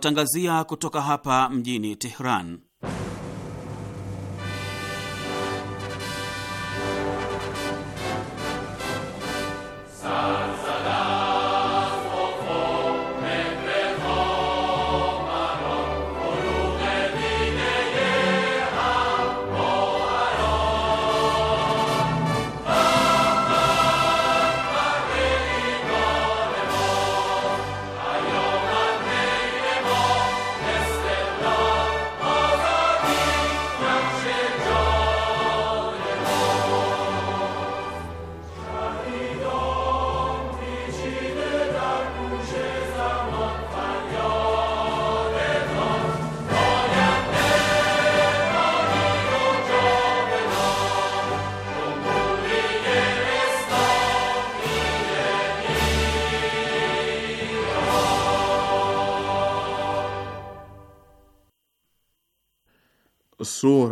tangazia kutoka hapa mjini Tehran.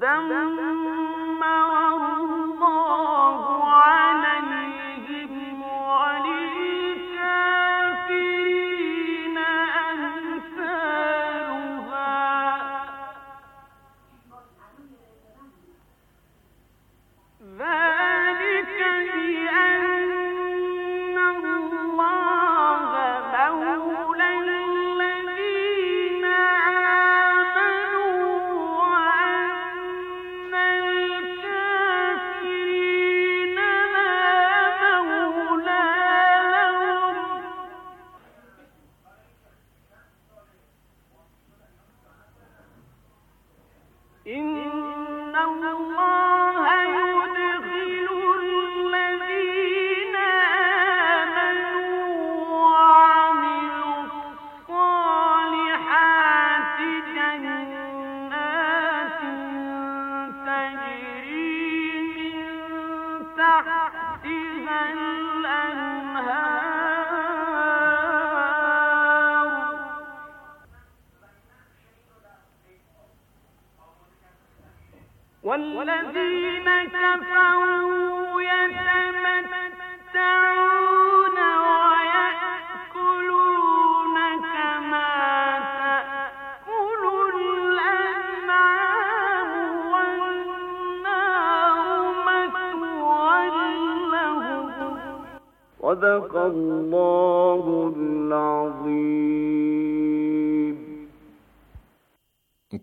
دمر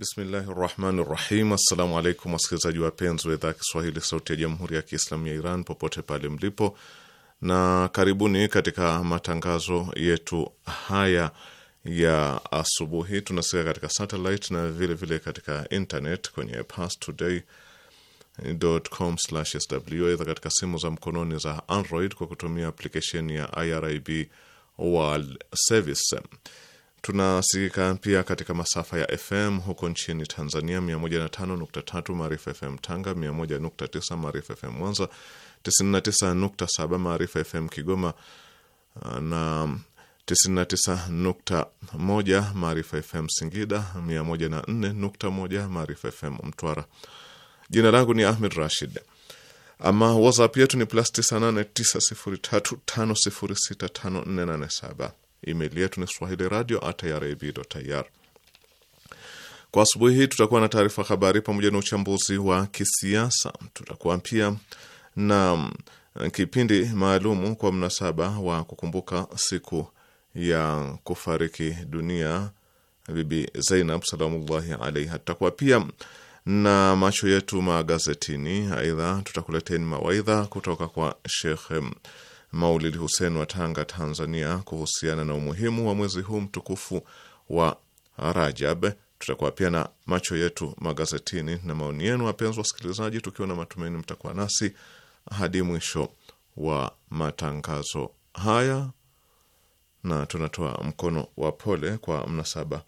Bismillahi rahmani rahim. Assalamu alaikum wasikilizaji wapenzi wa idhaa Kiswahili sauti ya jamhuri ya Kiislamu ya Iran popote pale mlipo, na karibuni katika matangazo yetu haya ya asubuhi. Tunasikia katika satellite na vilevile vile katika internet kwenye pastoday.com/sw, aidha katika simu za mkononi za Android kwa kutumia aplikesheni ya IRIB World Service. Tunasikika pia katika masafa ya FM huko nchini Tanzania, 105.3 Maarifa FM Tanga, 101.9 Maarifa FM Mwanza, 99.7 Maarifa FM Kigoma uh, na 99.1 Maarifa FM Singida, 104.1 Maarifa FM Mtwara. Jina langu ni Ahmed Rashid. Ama WhatsApp yetu ni plus 989035065487 Email yetu ni swahili radio at irib.ir. Kwa asubuhi hii tutakuwa na taarifa habari pamoja na uchambuzi wa kisiasa. Tutakuwa pia na eh, kipindi maalumu kwa mnasaba wa kukumbuka siku ya kufariki dunia Bibi Zainab salamullahi alaiha. Tutakuwa pia na macho yetu magazetini. Aidha, tutakuleteni mawaidha kutoka kwa Shekh Maulid Hussein wa Tanga, Tanzania, kuhusiana na umuhimu wa mwezi huu mtukufu wa Rajab. Tutakuwa pia na macho yetu magazetini na maoni yenu, wapenzi wasikilizaji, tukiwa na matumaini mtakuwa nasi hadi mwisho wa matangazo haya, na tunatoa mkono wa pole kwa mnasaba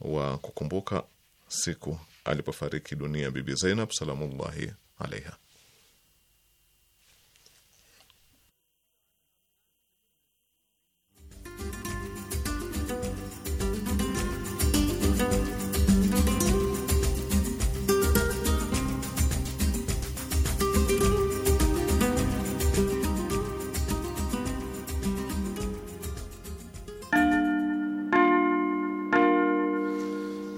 wa kukumbuka siku alipofariki dunia Bibi Zainab salamullahi alaiha.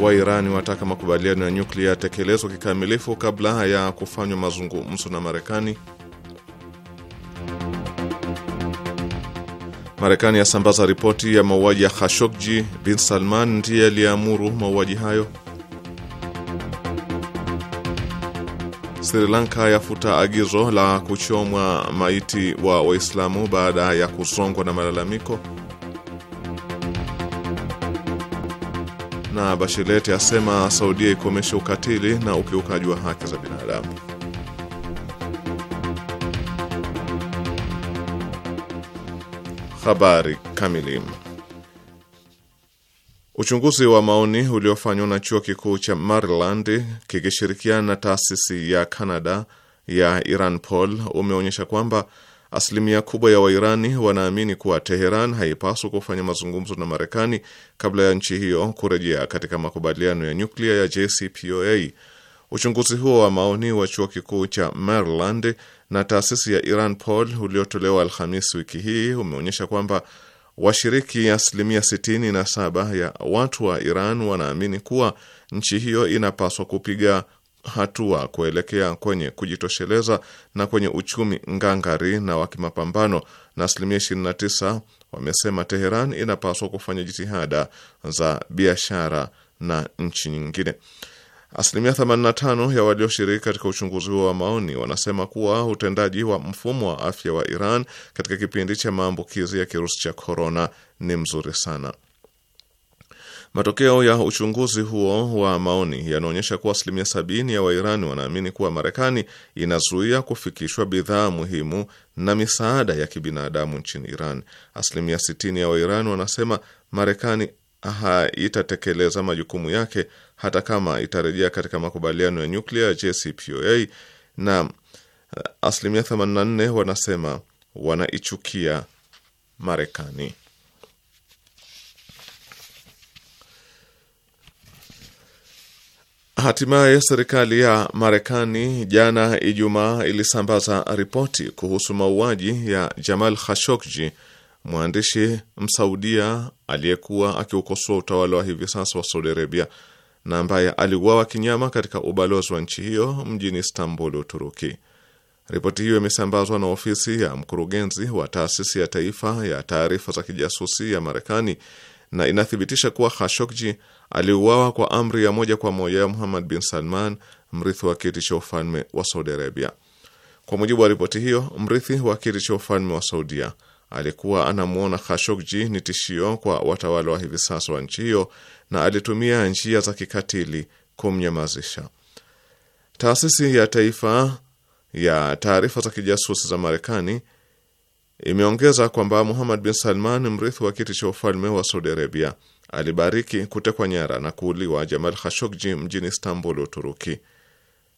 wa Iran wataka makubaliano ya nyuklia yatekelezwe kikamilifu kabla ya kufanywa mazungumzo na Marekani. Marekani yasambaza ripoti ya mauaji ya Khashoggi. Bin Salman ndiye aliyeamuru mauaji hayo. Sri Lanka yafuta agizo la kuchomwa maiti wa Waislamu baada ya kusongwa na malalamiko. na Bashilet asema Saudia ikomeshe ukatili na ukiukaji wa haki za binadamu. Habari kamili. Uchunguzi wa maoni uliofanywa na chuo kikuu cha Maryland kikishirikiana na taasisi ya Canada ya Iran Poll umeonyesha kwamba Asilimia kubwa ya Wairani wanaamini kuwa Teheran haipaswi kufanya mazungumzo na Marekani kabla ya nchi hiyo kurejea katika makubaliano ya nyuklia ya JCPOA. Uchunguzi huo wa maoni wa chuo kikuu cha Maryland na taasisi ya Iran Poll uliotolewa Alhamis wiki hii umeonyesha kwamba washiriki asilimia 67 ya watu wa Iran wanaamini kuwa nchi hiyo inapaswa kupiga hatua kuelekea kwenye kujitosheleza na kwenye uchumi ngangari na wa kimapambano, na asilimia 29 wamesema Teheran inapaswa kufanya jitihada za biashara na nchi nyingine. Asilimia 85 ya walioshiriki katika uchunguzi huo wa maoni wanasema kuwa utendaji wa mfumo wa afya wa Iran katika kipindi cha maambukizi ya kirusi cha korona ni mzuri sana. Matokeo ya uchunguzi huo wa maoni yanaonyesha kuwa asilimia sabini ya Wairani wanaamini kuwa Marekani inazuia kufikishwa bidhaa muhimu na misaada ya kibinadamu nchini Iran. Asilimia sitini ya Wairani wanasema Marekani haitatekeleza majukumu yake hata kama itarejea katika makubaliano ya nyuklia JCPOA, na uh, asilimia 84 wanasema wanaichukia Marekani. Hatimaye serikali ya Marekani jana Ijumaa ilisambaza ripoti kuhusu mauaji ya Jamal Khashoggi, mwandishi msaudia aliyekuwa akiukosoa utawala wa hivi sasa wa Saudi Arabia na ambaye aliuawa kinyama katika ubalozi wa nchi hiyo mjini Istanbul, Uturuki. Ripoti hiyo imesambazwa na ofisi ya mkurugenzi wa taasisi ya taifa ya taarifa za kijasusi ya Marekani na inathibitisha kuwa Khashoggi aliuawa kwa amri ya moja kwa moja ya Muhammad bin Salman, mrithi wa kiti cha ufalme wa Saudi Arabia. Kwa mujibu wa ripoti hiyo, mrithi wa kiti cha ufalme wa Saudia alikuwa anamwona Khashoggi ni tishio kwa watawala wa hivi sasa wa nchi hiyo na alitumia njia za kikatili kumnyamazisha. Taasisi ya taifa ya taarifa za kijasusi za Marekani imeongeza kwamba Muhammad bin Salman, mrithi wa kiti cha ufalme wa Saudi Arabia, alibariki kutekwa nyara na kuuliwa Jamal Khashoggi mjini Istanbul, Uturuki.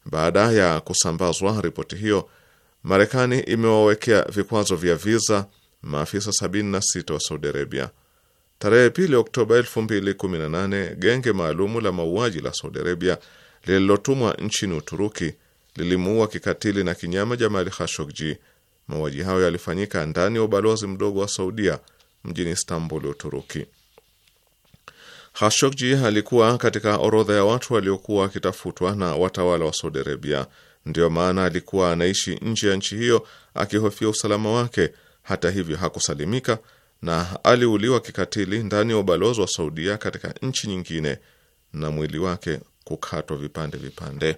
Baada ya kusambazwa ripoti hiyo, Marekani imewawekea vikwazo vya viza maafisa 76 wa Saudi Arabia. Tarehe pili Oktoba 2018 genge maalumu la mauaji la Saudi Arabia lililotumwa nchini Uturuki lilimuua kikatili na kinyama Jamal Khashoggi. Mauaji hayo yalifanyika ndani ya ubalozi mdogo wa Saudia mjini Istanbul, Uturuki. Khashoggi alikuwa katika orodha ya watu waliokuwa wakitafutwa na watawala wa Saudi Arabia. Ndiyo maana alikuwa anaishi nje ya nchi hiyo akihofia usalama wake. Hata hivyo, hakusalimika na aliuliwa kikatili ndani ya ubalozi wa Saudia katika nchi nyingine na mwili wake kukatwa vipande vipande.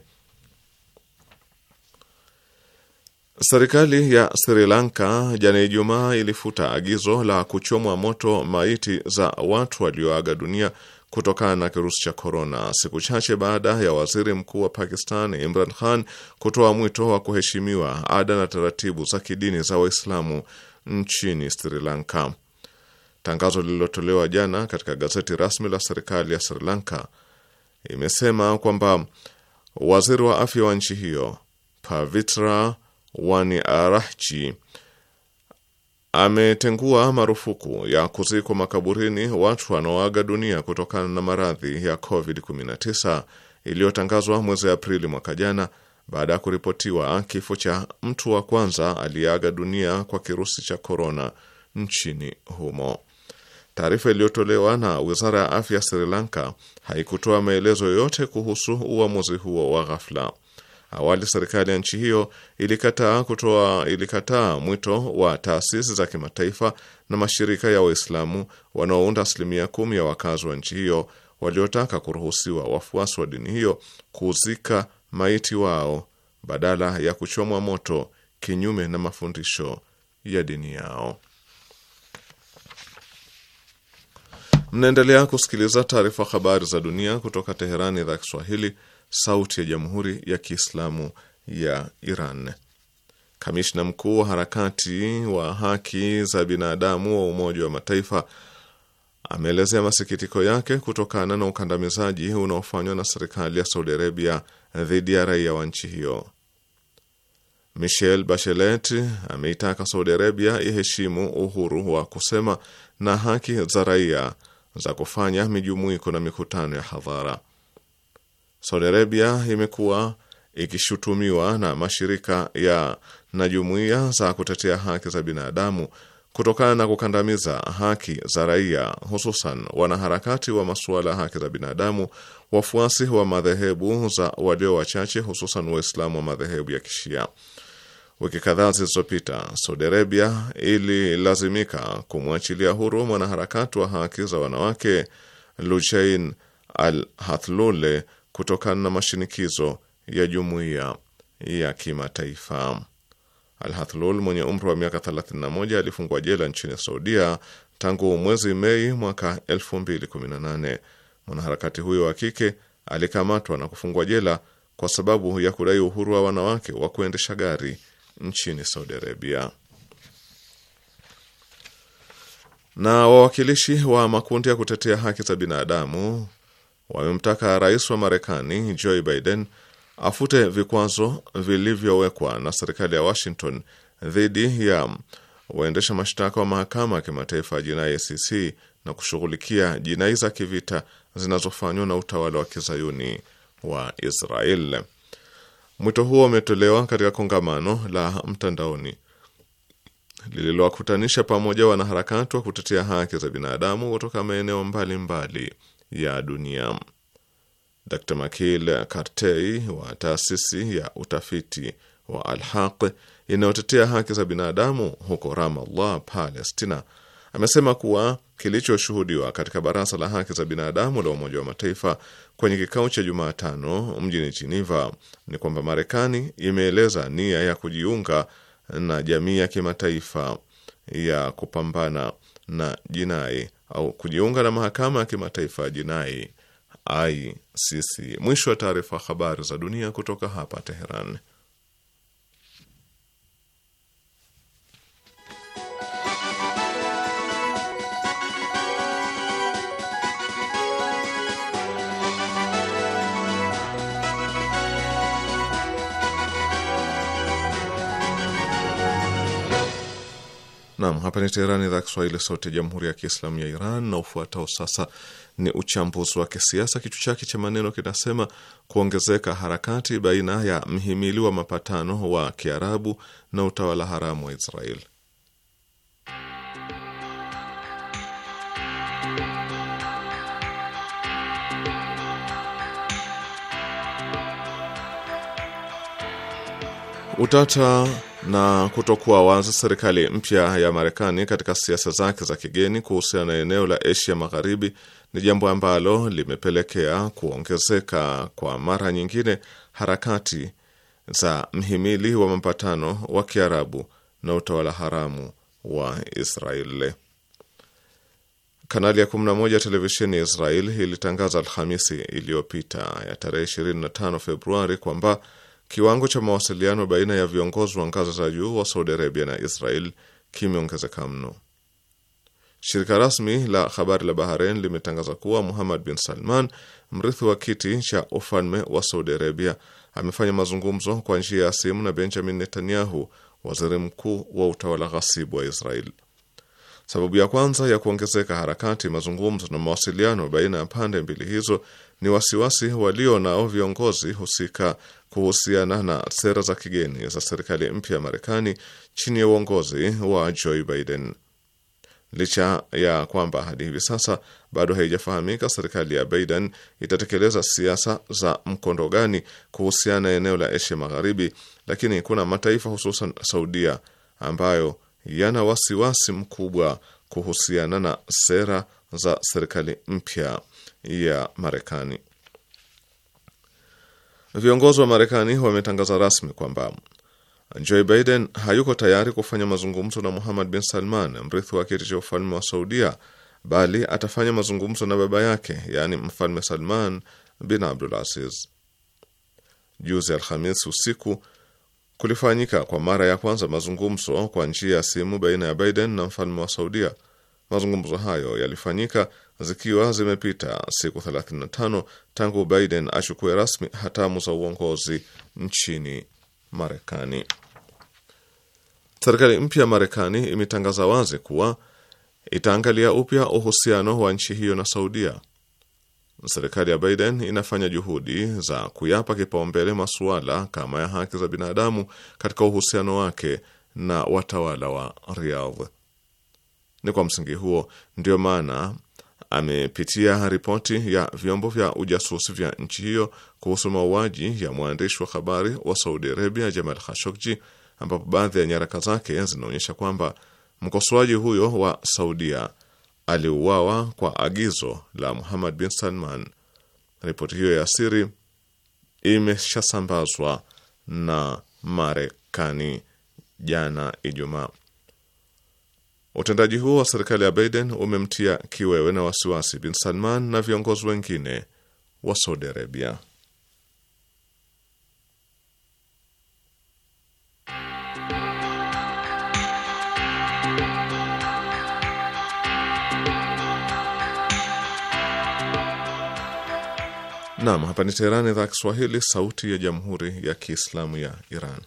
Serikali ya Sri Lanka jana Ijumaa ilifuta agizo la kuchomwa moto maiti za watu walioaga dunia kutokana na kirusi cha korona, siku chache baada ya waziri mkuu wa Pakistan Imran Khan kutoa mwito wa kuheshimiwa ada na taratibu za kidini za Waislamu nchini Sri Lanka. Tangazo lililotolewa jana katika gazeti rasmi la serikali ya Sri Lanka imesema kwamba waziri wa afya wa nchi hiyo Pavitra wani Waniarahchi ametengua marufuku ya kuzikwa makaburini watu wanaoaga dunia kutokana na maradhi ya COVID-19 iliyotangazwa mwezi Aprili mwaka jana baada ya kuripotiwa kifo cha mtu wa kwanza aliyeaga dunia kwa kirusi cha korona nchini humo. Taarifa iliyotolewa na wizara ya afya Sri Lanka haikutoa maelezo yoyote kuhusu uamuzi huo wa ghafla. Awali serikali ya nchi hiyo ilikataa kutoa ilikataa mwito wa taasisi za kimataifa na mashirika ya Waislamu wanaounda asilimia kumi ya wakazi wa nchi hiyo waliotaka kuruhusiwa wafuasi wa dini hiyo kuzika maiti wao badala ya kuchomwa moto kinyume na mafundisho ya dini yao. Mnaendelea kusikiliza taarifa habari za dunia kutoka Teherani, idhaa Kiswahili, sauti ya jamhuri ya Kiislamu ya Iran. Kamishna mkuu wa harakati wa haki za binadamu wa Umoja wa Mataifa ameelezea masikitiko yake kutokana na ukandamizaji unaofanywa na serikali ya Saudi Arabia dhidi ya raia wa nchi hiyo. Michelle Bachelet ameitaka Saudi Arabia iheshimu uhuru wa kusema na haki za raia za kufanya mijumuiko na mikutano ya hadhara. Saudi Arabia imekuwa ikishutumiwa na mashirika ya na jumuiya za kutetea haki za binadamu kutokana na kukandamiza haki za raia, hususan wanaharakati wa masuala ya haki za binadamu, wafuasi wa madhehebu za walio wachache, hususan Waislamu wa madhehebu ya Kishia. Wiki kadhaa zilizopita, Saudi Arabia ililazimika kumwachilia huru mwanaharakati wa haki za wanawake Luchain Al Hathlule kutokana na mashinikizo ya jumuiya ya kimataifa. Alhathlul mwenye umri wa miaka 31 alifungwa jela nchini Saudia tangu mwezi Mei mwaka 2018. Mwanaharakati huyo wa kike alikamatwa na kufungwa jela kwa sababu ya kudai uhuru wa wanawake wa kuendesha gari nchini Saudi Arabia. Na wawakilishi wa makundi ya kutetea haki za binadamu wamemtaka rais wa Marekani Joe Biden afute vikwazo vilivyowekwa na serikali ya Washington dhidi ya waendesha mashtaka wa mahakama ya kimataifa ya jinai ICC na kushughulikia jinai za kivita zinazofanywa na utawala wa kizayuni wa Israel. Mwito huo umetolewa katika kongamano la mtandaoni lililowakutanisha pamoja wanaharakati wa kutetea haki za binadamu kutoka maeneo mbalimbali ya dunia. Dr Makil Kartei wa taasisi ya utafiti wa Alhaq inayotetea haki za binadamu huko Ramallah, Palestina, amesema kuwa kilichoshuhudiwa katika Baraza la Haki za Binadamu la Umoja wa Mataifa kwenye kikao cha Jumatano mjini Geneva ni kwamba Marekani imeeleza nia ya kujiunga na jamii ya kimataifa ya kupambana na jinai au kujiunga na mahakama ya kimataifa ya jinai ICC. Mwisho wa taarifa. Habari za dunia kutoka hapa Teheran. Naam, hapa ni Teherani, idhaa Kiswahili, sauti ya jamhuri ya kiislamu ya Iran. Na ufuatao sasa ni uchambuzi wa kisiasa, kichwa chake cha maneno kinasema kuongezeka harakati baina ya mhimili wa mapatano wa kiarabu na utawala haramu wa Israeli. Utata na kutokuwa wazi serikali mpya ya Marekani katika siasa zake za kigeni kuhusiana na eneo la Asia Magharibi ni jambo ambalo limepelekea kuongezeka kwa mara nyingine harakati za mhimili wa mapatano wa Kiarabu na utawala haramu wa Israeli. Kanali ya 11 ya televisheni ya Israel ilitangaza Alhamisi iliyopita ya tarehe 25 Februari kwamba Kiwango cha mawasiliano baina ya viongozi wa ngazi za juu wa Saudi Arabia na Israel kimeongezeka mno. Shirika rasmi la habari la Bahrain limetangaza kuwa Muhammad bin Salman, mrithi wa kiti cha ufalme wa Saudi Arabia, amefanya mazungumzo kwa njia ya simu na Benjamin Netanyahu, waziri mkuu wa utawala ghasibu wa Israel. Sababu ya kwanza ya kuongezeka harakati, mazungumzo na mawasiliano baina ya pande mbili hizo ni wasiwasi walio nao viongozi husika kuhusiana na sera za kigeni za serikali mpya ya Marekani chini ya uongozi wa Joe Biden. Licha ya kwamba hadi hivi sasa bado haijafahamika serikali ya Biden itatekeleza siasa za mkondo gani kuhusiana na eneo la Asia Magharibi, lakini kuna mataifa hususan Saudia ambayo yana wasiwasi mkubwa kuhusiana na sera za serikali mpya ya Marekani. Viongozi wa Marekani wametangaza rasmi kwamba Joe Biden hayuko tayari kufanya mazungumzo na Muhammad bin Salman, mrithi wa kiti cha ufalme wa Saudia, bali atafanya mazungumzo na baba yake, yaani Mfalme Salman bin Abdulaziz. Juzi Alhamisi usiku kulifanyika kwa mara ya kwanza mazungumzo kwa njia ya simu baina ya Biden na mfalme wa Saudia. Mazungumzo hayo yalifanyika zikiwa zimepita siku 35 tangu Biden achukue rasmi hatamu za uongozi nchini Marekani. Serikali mpya ya Marekani imetangaza wazi kuwa itaangalia upya uhusiano wa nchi hiyo na Saudia Serikali ya Biden inafanya juhudi za kuyapa kipaumbele masuala kama ya haki za binadamu katika uhusiano wake na watawala wa Riyadh. Ni kwa msingi huo ndiyo maana amepitia ripoti ya vyombo vya ujasusi vya nchi hiyo kuhusu mauaji ya mwandishi wa habari wa Saudi Arabia Jamal Khashoggi, ambapo baadhi ya nyaraka zake zinaonyesha kwamba mkosoaji huyo wa Saudia aliuawa kwa agizo la Muhammad bin Salman. Ripoti hiyo ya siri imeshasambazwa na Marekani jana Ijumaa. Utendaji huo wa serikali ya Biden umemtia kiwewe na wasiwasi bin Salman na viongozi wengine wa Saudi Arabia. Naam, hapa ni Teheran, idhaa Kiswahili, sauti ya jamhuri ya kiislamu ya Iran.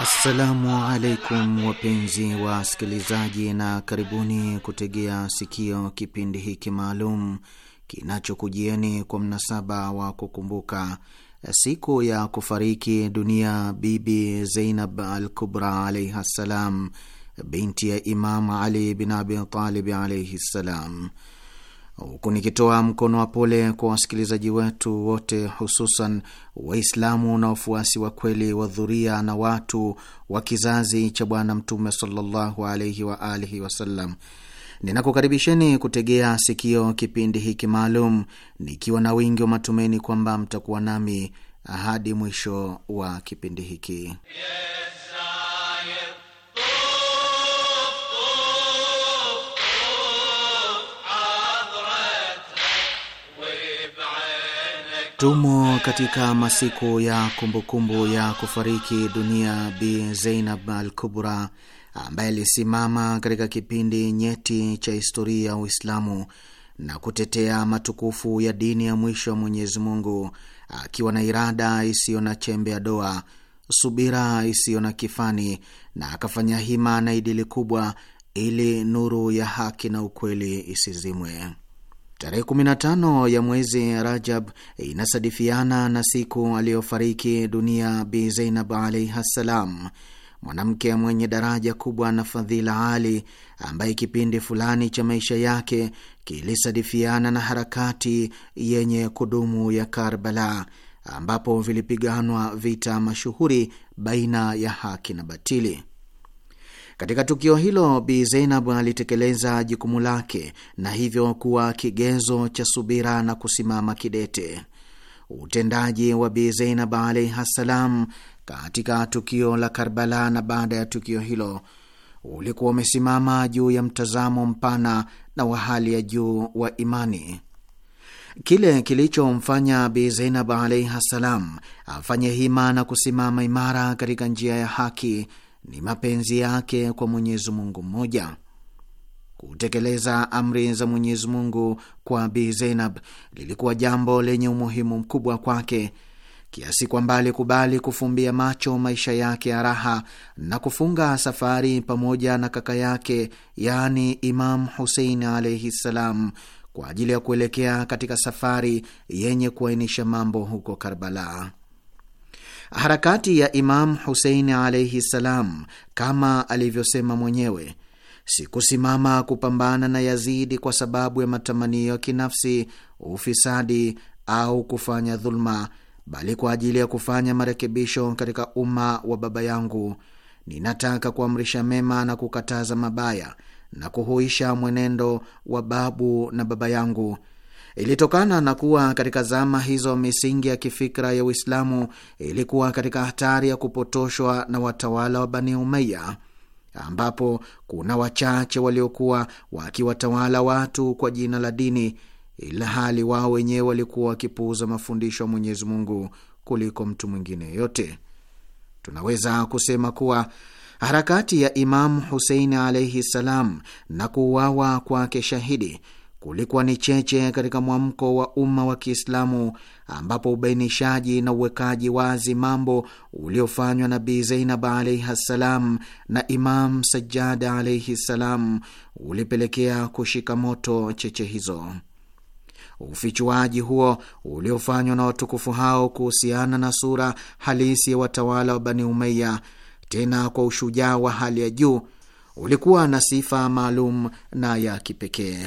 Assalamu alaikum wapenzi wa wasikilizaji, na karibuni kutegea sikio kipindi hiki maalum kinachokujieni kwa mnasaba wa kukumbuka eh, siku ya kufariki dunia Bibi Zeinab al Kubra alaihi ssalam, binti ya Imam Ali bin Abi Talib alaihi ssalam, huku nikitoa mkono wa pole kwa wasikilizaji wetu wote, hususan Waislamu na wafuasi wa kweli wa dhuria na watu wa kizazi cha Bwana Mtume sallallahu alaihi waalihi wasallam ninakukaribisheni kutegea sikio kipindi hiki maalum nikiwa na wingi wa matumaini kwamba mtakuwa nami hadi mwisho wa kipindi hiki yes. Tumo katika masiku ya kumbukumbu kumbu ya kufariki dunia Bi Zeinab Al Kubra ambaye alisimama katika kipindi nyeti cha historia ya Uislamu na kutetea matukufu ya dini ya mwisho wa Mwenyezi Mungu akiwa na irada isiyo na chembe ya doa, subira isiyo na kifani, na akafanya hima na idili kubwa ili nuru ya haki na ukweli isizimwe. Tarehe 15 ya mwezi Rajab inasadifiana na siku aliyofariki dunia Bi Zeinab alaihi ssalam mwanamke mwenye daraja kubwa na fadhila ali, ambaye kipindi fulani cha maisha yake kilisadifiana na harakati yenye kudumu ya Karbala, ambapo vilipiganwa vita mashuhuri baina ya haki na batili. Katika tukio hilo, Bi Zeinab alitekeleza jukumu lake na hivyo kuwa kigezo cha subira na kusimama kidete. Utendaji wa Bi Zeinab alaihi ssalam katika tukio la Karbala na baada ya tukio hilo ulikuwa umesimama juu ya mtazamo mpana na wa hali ya juu wa imani. Kile kilichomfanya Bi Zainab alaihi ssalam afanye hima na kusimama imara katika njia ya haki ni mapenzi yake kwa Mwenyezi Mungu mmoja. Kutekeleza amri za Mwenyezi Mungu kwa Bi Zainab lilikuwa jambo lenye umuhimu mkubwa kwake kiasi kwamba alikubali kufumbia macho maisha yake ya raha na kufunga safari pamoja na kaka yake, yaani Imam Husein alaihi ssalam, kwa ajili ya kuelekea katika safari yenye kuainisha mambo huko Karbala. Harakati ya Imam Husein alaihi ssalam, kama alivyosema mwenyewe, sikusimama kupambana na Yazidi kwa sababu ya matamanio ya kinafsi, ufisadi au kufanya dhuluma bali kwa ajili ya kufanya marekebisho katika umma wa baba yangu. Ninataka kuamrisha mema na kukataza mabaya na kuhuisha mwenendo wa babu na baba yangu. Ilitokana na kuwa katika zama hizo misingi ya kifikra ya Uislamu ilikuwa katika hatari ya kupotoshwa na watawala wa Bani umeya ambapo kuna wachache waliokuwa wakiwatawala watu kwa jina la dini ila hali wao wenyewe walikuwa wakipuuza mafundisho ya Mwenyezi Mungu kuliko mtu mwingine yeyote. Tunaweza kusema kuwa harakati ya Imamu Husein alaihi ssalam na kuuawa kwake shahidi kulikuwa ni cheche katika mwamko wa umma wa Kiislamu, ambapo ubainishaji na uwekaji wazi mambo uliofanywa nabi Zeinab alaihi ssalam na Imam Sajjad alaihi ssalam ulipelekea kushika moto cheche hizo. Ufichuaji huo uliofanywa na watukufu hao kuhusiana na sura halisi ya watawala wa Bani umeya tena kwa ushujaa wa hali ya juu, ulikuwa na sifa maalum na ya kipekee.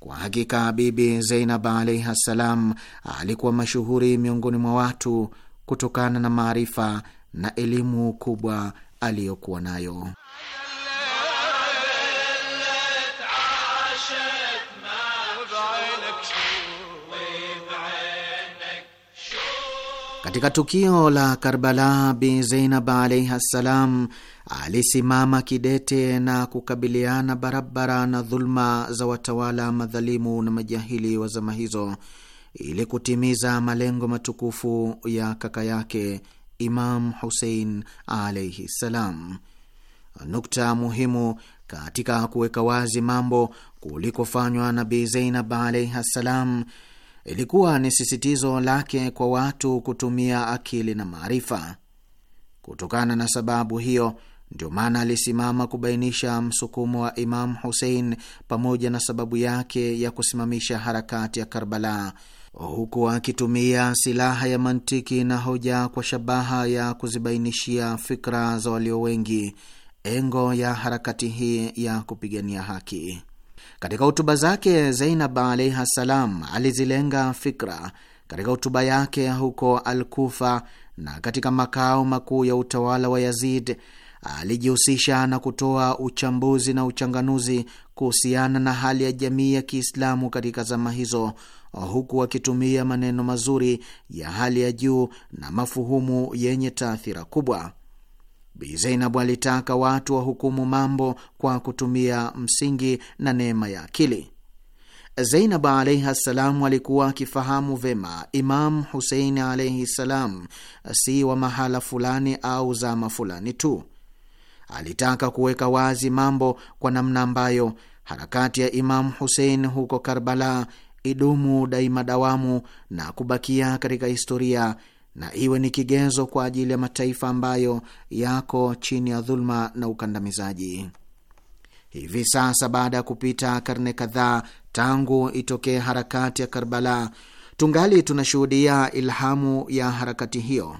Kwa hakika Bibi Zeinab alaihi ssalam alikuwa mashuhuri miongoni mwa watu kutokana na maarifa na elimu kubwa aliyokuwa nayo. Katika tukio la Karbala, Bi Zeinab alaihi ssalam alisimama kidete na kukabiliana barabara na dhuluma za watawala madhalimu na majahili wa zama hizo ili kutimiza malengo matukufu ya kaka yake Imam Husein alaihi ssalam. Nukta muhimu katika kuweka wazi mambo kulikofanywa na Bi Zeinab alaihi ssalam ilikuwa ni sisitizo lake kwa watu kutumia akili na maarifa. Kutokana na sababu hiyo, ndio maana alisimama kubainisha msukumo wa Imamu Husein pamoja na sababu yake ya kusimamisha harakati ya Karbala, huku akitumia silaha ya mantiki na hoja kwa shabaha ya kuzibainishia fikra za walio wengi engo ya harakati hii ya kupigania haki. Katika hotuba zake Zainab alaihi ssalam alizilenga fikra katika hotuba yake huko Al-Kufa na katika makao makuu ya utawala wa Yazid alijihusisha na kutoa uchambuzi na uchanganuzi kuhusiana na hali ya jamii ya Kiislamu katika zama hizo, huku akitumia maneno mazuri ya hali ya juu na mafuhumu yenye taathira kubwa. Bi Zainabu alitaka watu wahukumu mambo kwa kutumia msingi na neema ya akili. Zainabu alaihi ssalam alikuwa akifahamu vema Imamu husein alaihi ssalam si wa mahala fulani au zama fulani tu. Alitaka kuweka wazi mambo kwa namna ambayo harakati ya Imamu Husein huko Karbala idumu daima dawamu na kubakia katika historia na iwe ni kigezo kwa ajili ya mataifa ambayo yako chini ya dhuluma na ukandamizaji. Hivi sasa, baada ya kupita karne kadhaa tangu itokee harakati ya Karbala, tungali tunashuhudia ilhamu ya harakati hiyo.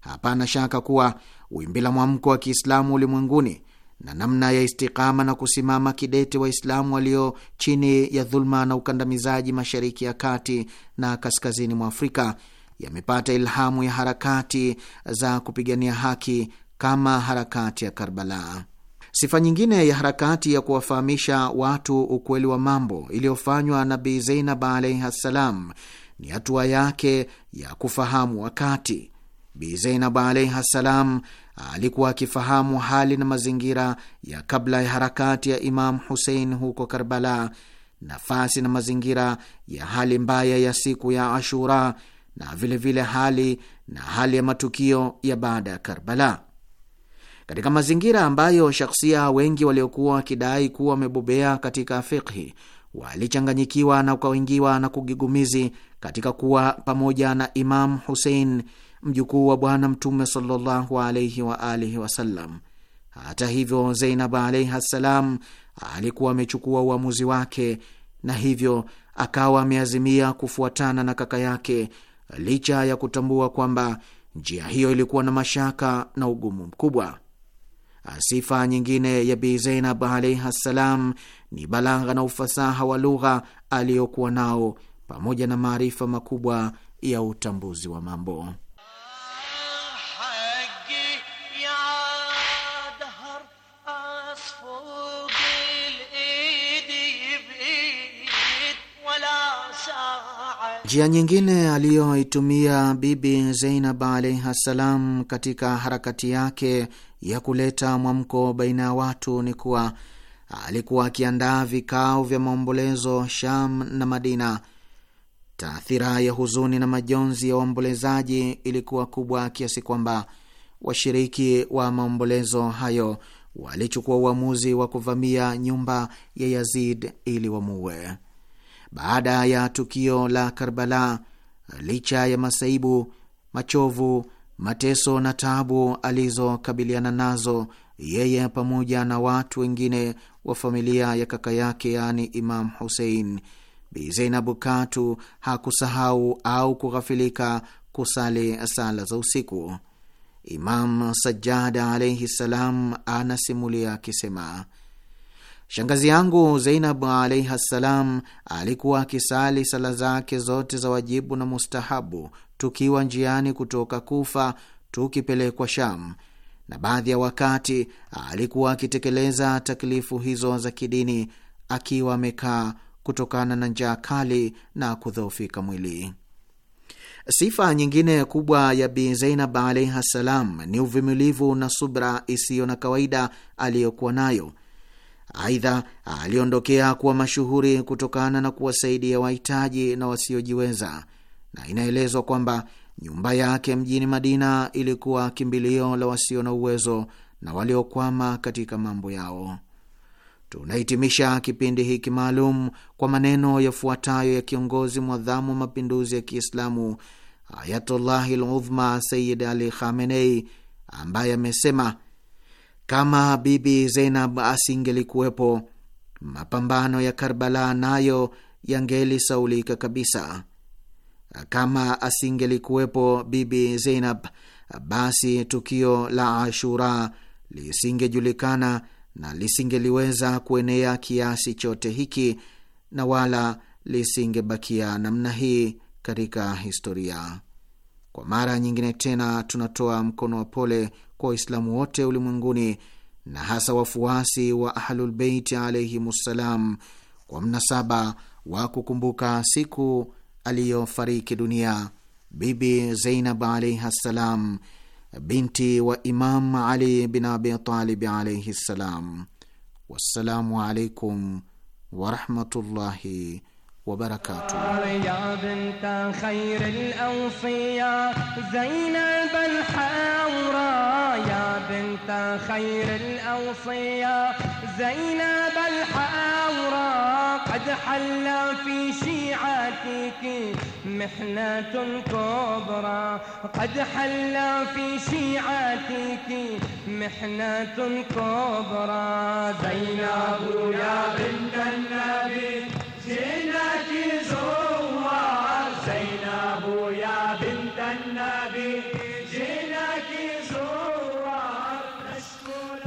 Hapana shaka kuwa wimbi la mwamko wa Kiislamu ulimwenguni na namna ya istikama na kusimama kidete Waislamu walio chini ya dhuluma na ukandamizaji mashariki ya kati na kaskazini mwa Afrika yamepata ilhamu ya harakati za kupigania haki kama harakati ya Karbala. Sifa nyingine ya harakati ya kuwafahamisha watu ukweli wa mambo iliyofanywa nabi Zeinab alaihi ssalam ni hatua yake ya kufahamu wakati. Bi Zeinab alaihi ssalam alikuwa akifahamu hali na mazingira ya kabla ya harakati ya Imamu Husein huko Karbala, nafasi na mazingira ya hali mbaya ya siku ya Ashura na vilevile vile hali na hali ya matukio ya baada ya Karbala. Katika mazingira ambayo shakhsia wengi waliokuwa wakidai kuwa wamebobea katika fikhi walichanganyikiwa na ukaingiwa na kugigumizi katika kuwa pamoja na Imam Husein, mjukuu wa Bwana Mtume sallallahu alaihi wa alihi wasallam. Hata hivyo, Zeinab alaihi ssalam alikuwa amechukua uamuzi wake na hivyo akawa ameazimia kufuatana na kaka yake licha ya kutambua kwamba njia hiyo ilikuwa na mashaka na ugumu mkubwa. Sifa nyingine ya Bi Zeinab alaihi ssalam ni balagha na ufasaha wa lugha aliyokuwa nao pamoja na maarifa makubwa ya utambuzi wa mambo. Njia nyingine aliyoitumia Bibi Zeinab alaihi ssalam katika harakati yake ya kuleta mwamko baina ya watu ni kuwa alikuwa akiandaa vikao vya maombolezo Sham na Madina. Taathira ya huzuni na majonzi ya waombolezaji ilikuwa kubwa kiasi kwamba washiriki wa maombolezo hayo walichukua uamuzi wa kuvamia nyumba ya Yazid ili wamuue baada ya tukio la Karbala, licha ya masaibu, machovu, mateso na taabu alizokabiliana nazo yeye pamoja na watu wengine wa familia ya kaka yake, yaani Imam Husein, Bi Zainabu katu hakusahau au kughafilika kusali sala za usiku. Imam Sajjada alaihi salam anasimulia akisema Shangazi yangu zeinab alaihi ssalam alikuwa akisali sala zake zote za wajibu na mustahabu tukiwa njiani kutoka Kufa tukipelekwa Sham, na baadhi ya wakati alikuwa akitekeleza taklifu hizo za kidini akiwa amekaa kutokana na njaa kali na kudhoofika mwili. Sifa nyingine kubwa ya Bi Zeinab alaihi ssalam ni uvumilivu na subra isiyo na kawaida aliyokuwa nayo Aidha, aliondokea kuwa mashuhuri kutokana na kuwasaidia wahitaji na wasiojiweza, na inaelezwa kwamba nyumba yake mjini Madina ilikuwa kimbilio la wasio na uwezo na waliokwama katika mambo yao. Tunahitimisha kipindi hiki maalum kwa maneno yafuatayo ya kiongozi mwadhamu wa mapinduzi ya Kiislamu Ayatullahi Ludhma Sayid Ali Khamenei ambaye amesema kama Bibi Zeinab asingelikuwepo, mapambano ya Karbala nayo yangelisaulika kabisa. Kama asingelikuwepo Bibi Zeinab, basi tukio la Ashura lisingejulikana na lisingeliweza kuenea kiasi chote hiki na wala lisingebakia namna hii katika historia. Kwa mara nyingine tena tunatoa mkono wa pole kwa Waislamu wote ulimwenguni na hasa wafuasi wa Ahlulbeiti alaihimussalam kwa mnasaba wa kukumbuka siku aliyofariki dunia Bibi Zainab alaihi ssalam, binti wa Imam Ali bin Abitalib alaihi ssalam. Wassalamu alaikum warahmatullahi wabarakatuh. يا بنت خير الأوصية زينب الحاورة قد حل في شيعتك محنة كبرى قد حل في شيعتك محنة كبرى زينب يا بنت النبي جئناك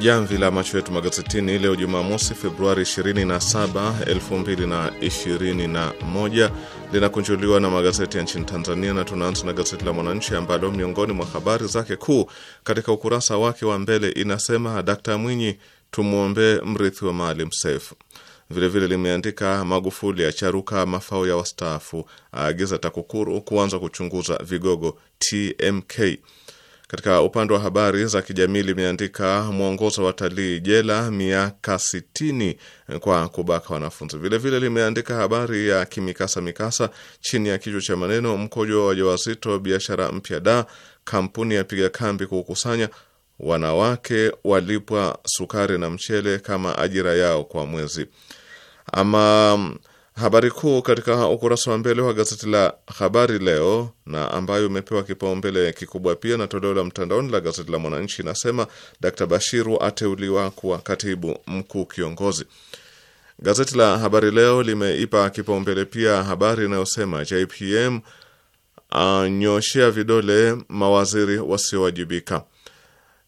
jamvi la macho yetu magazetini leo Jumamosi, Februari 27, 2021 linakunjuliwa na magazeti ya nchini Tanzania, na tunaanza na gazeti la Mwananchi ambalo miongoni mwa habari zake kuu katika ukurasa wake wa mbele inasema Dkt Mwinyi tumwombee mrithi wa Maalim Seif. Vilevile limeandika Magufuli acharuka mafao ya wastaafu, aagiza TAKUKURU kuanza kuchunguza vigogo TMK katika upande wa habari za kijamii limeandika mwongozo wa watalii jela miaka sitini kwa kubaka wanafunzi. Vilevile limeandika habari ya kimikasa mikasa chini ya kichwa cha maneno mkojo wa wajawazito biashara mpya da kampuni ya piga kambi kukusanya wanawake walipwa sukari na mchele kama ajira yao kwa mwezi. Ama Habari kuu katika ukurasa wa mbele wa gazeti la Habari Leo na ambayo imepewa kipaumbele kikubwa pia na toleo la mtandaoni la gazeti la Mwananchi inasema Dkt Bashiru ateuliwa kuwa katibu mkuu kiongozi. Gazeti la Habari Leo limeipa kipaumbele pia habari inayosema JPM anyoshea vidole mawaziri wasiowajibika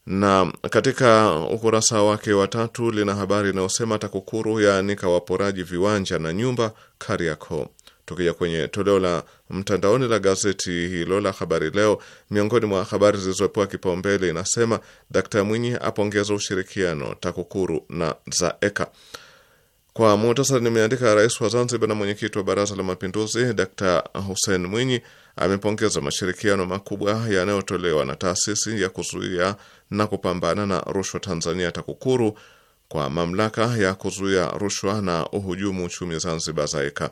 na katika ukurasa wake wa tatu lina habari inayosema TAKUKURU yaanika waporaji viwanja na nyumba Kariakoo. Tukija kwenye toleo la mtandaoni la gazeti hilo la Habari Leo, miongoni mwa habari zilizopewa kipaumbele inasema Dkt Mwinyi apongeza ushirikiano TAKUKURU na ZAEKA. Kwa muhtasari, nimeandika Rais wa Zanzibar na mwenyekiti wa Baraza la Mapinduzi Dkt Hussein Mwinyi amepongeza mashirikiano makubwa yanayotolewa na taasisi ya kuzuia na kupambana na rushwa Tanzania TAKUKURU kwa mamlaka ya kuzuia rushwa na uhujumu uchumi Zanzibar ZAIKA.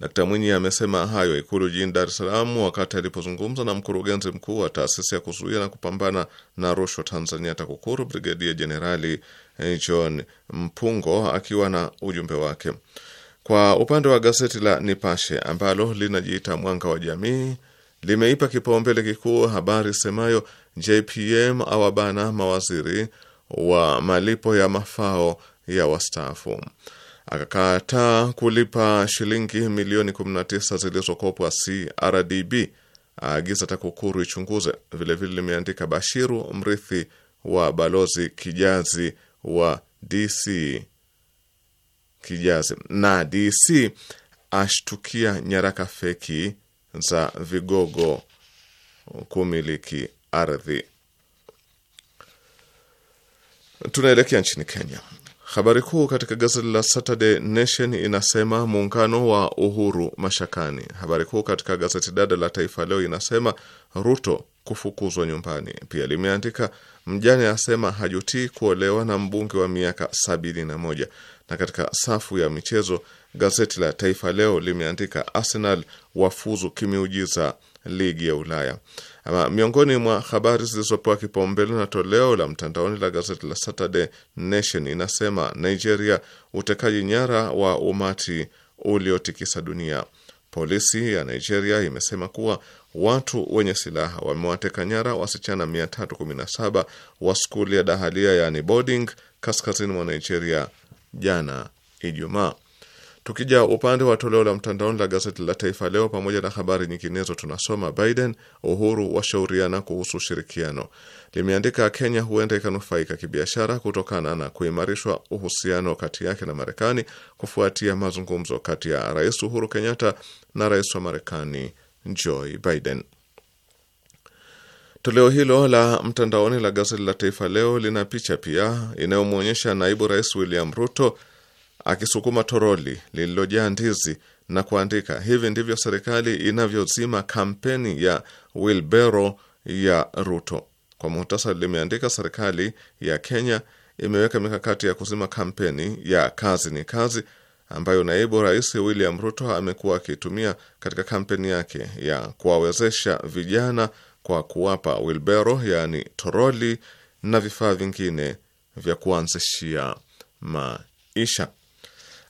Dkt Mwinyi amesema hayo Ikulu jijini Dar es Salaam wakati alipozungumza na mkurugenzi mkuu wa taasisi ya kuzuia na kupambana na rushwa Tanzania, TAKUKURU, Brigedia Jenerali eh, John Mpungo akiwa na ujumbe wake. Kwa upande wa gazeti la Nipashe ambalo linajiita Mwanga wa Jamii, limeipa kipaumbele kikuu habari semayo JPM awabana mawaziri wa malipo ya mafao ya wastaafu akakataa kulipa shilingi milioni 19 zilizokopwa CRDB, aagiza TAKUKURU ichunguze. Vilevile limeandika Bashiru mrithi wa balozi Kijazi wa DC Kijazi na DC ashtukia nyaraka feki za vigogo kumiliki ardhi. Tunaelekea nchini Kenya. Habari kuu katika gazeti la Saturday Nation inasema muungano wa Uhuru mashakani. Habari kuu katika gazeti dada la Taifa Leo inasema Ruto kufukuzwa nyumbani. Pia limeandika mjane asema hajutii kuolewa na mbunge wa miaka sabini na moja. Na katika safu ya michezo gazeti la Taifa Leo limeandika Arsenal wafuzu kimiujiza ligi ya Ulaya. Ama miongoni mwa habari zilizopewa kipaumbele na toleo la mtandaoni la gazeti la Saturday Nation inasema Nigeria, utekaji nyara wa umati uliotikisa dunia. Polisi ya Nigeria imesema kuwa watu wenye silaha wamewateka nyara wasichana 317 wa skuli ya Dahalia, yaani boarding, kaskazini mwa Nigeria jana Ijumaa. Tukija upande wa toleo la mtandaoni la gazeti la Taifa Leo, pamoja na habari nyinginezo, tunasoma Biden, Uhuru washauriana kuhusu ushirikiano. Limeandika Kenya huenda ikanufaika kibiashara kutokana na kuimarishwa uhusiano kati yake na Marekani kufuatia mazungumzo kati ya Rais Uhuru Kenyatta na rais wa Marekani Joe Biden. Toleo hilo la mtandaoni la gazeti la Taifa Leo lina picha pia inayomwonyesha naibu rais William Ruto akisukuma toroli lililojaa ndizi na kuandika, hivi ndivyo serikali inavyozima kampeni ya wilbero ya Ruto. Kwa muhtasari, limeandika serikali ya Kenya imeweka mikakati ya kuzima kampeni ya kazi ni kazi ambayo naibu rais William Ruto amekuwa akitumia katika kampeni yake ya kuwawezesha vijana kwa kuwapa wilbero, yaani toroli na vifaa vingine vya kuanzishia maisha.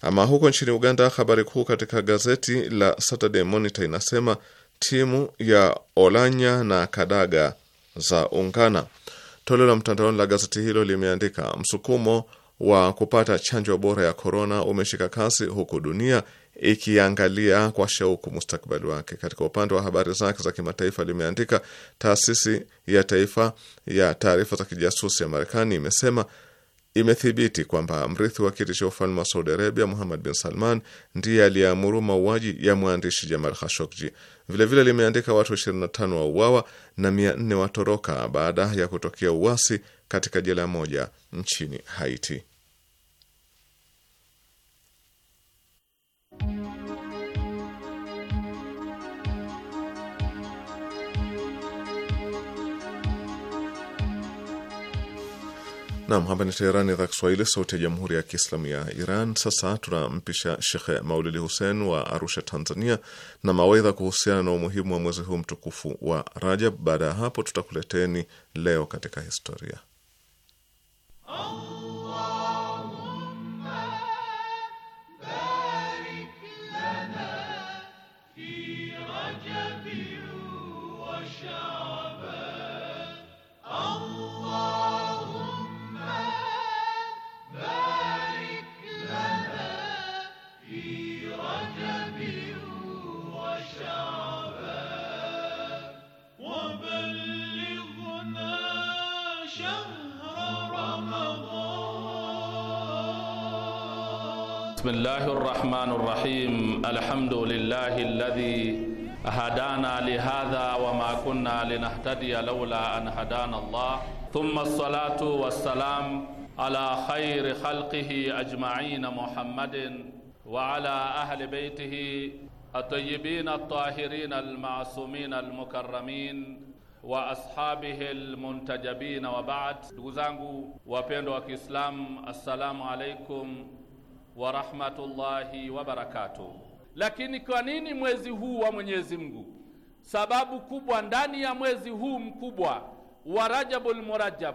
Ama huko nchini Uganda, habari kuu katika gazeti la Saturday Monitor inasema timu ya Olanya na Kadaga za ungana. Toleo la mtandaoni la gazeti hilo limeandika msukumo wa kupata chanjo bora ya korona umeshika kasi huku dunia ikiangalia kwa shauku mustakabali wake. Katika upande wa habari zake za kimataifa limeandika taasisi ya taifa ya taarifa za kijasusi ya Marekani imesema imethibiti kwamba mrithi wa kiti cha ufalme wa Saudi Arabia Muhammad bin Salman ndiye aliyeamuru mauaji ya mwandishi Jamal Khashoggi. Vilevile limeandika watu 25 wa uawa na 400 watoroka baada ya kutokea uasi katika jela moja nchini Haiti. Nam, hapa ni Teherani, idhaa Kiswahili, sauti ya jamhuri ya kiislamu ya Iran. Sasa tunampisha Shekhe Maulidi Hussein wa Arusha, Tanzania, na mawaidha kuhusiana na umuhimu wa mwezi huu mtukufu wa Rajab. Baada ya hapo, tutakuleteni leo katika historia Allah. بسم الله الرحمن الرحيم الحمد لله الذي هدانا لهذا وما كنا لنهتدي لولا أن هدانا الله ثم الصلاة والسلام على خير خلقه أجمعين محمد وعلى أهل بيته الطيبين الطاهرين المعصومين المكرمين وأصحابه المنتجبين وبعد wa baad. Ndugu السلام عليكم wa rahmatullahi wa barakatuh. Lakini kwa nini mwezi huu wa Mwenyezi Mungu? Sababu kubwa ndani ya mwezi huu mkubwa wa Rajabul Murajab,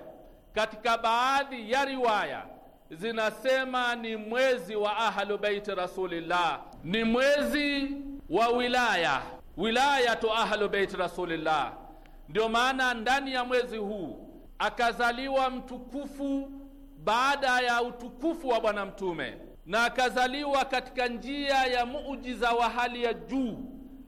katika baadhi ya riwaya zinasema ni mwezi wa ahlu beiti Rasulillah, ni mwezi wa wilaya, wilayatu ahlu beiti Rasulillah. Ndio maana ndani ya mwezi huu akazaliwa mtukufu baada ya utukufu wa Bwana Mtume na akazaliwa katika njia ya muujiza wa hali ya juu